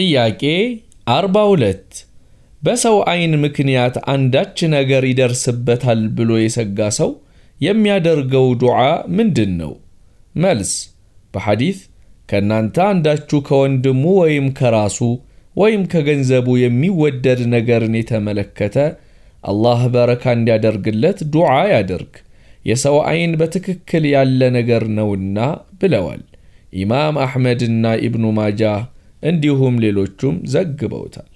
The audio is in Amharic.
ጥያቄ 42 በሰው አይን ምክንያት አንዳች ነገር ይደርስበታል ብሎ የሰጋ ሰው የሚያደርገው ዱዓ ምንድን ነው? መልስ በሐዲት ከእናንተ አንዳችሁ ከወንድሙ ወይም ከራሱ ወይም ከገንዘቡ የሚወደድ ነገርን የተመለከተ አላህ በረካ እንዲያደርግለት ዱዓ ያደርግ፣ የሰው አይን በትክክል ያለ ነገር ነውና ብለዋል ኢማም አሕመድና ኢብኑ ማጃህ እንዲሁም ሌሎቹም ዘግበውታል።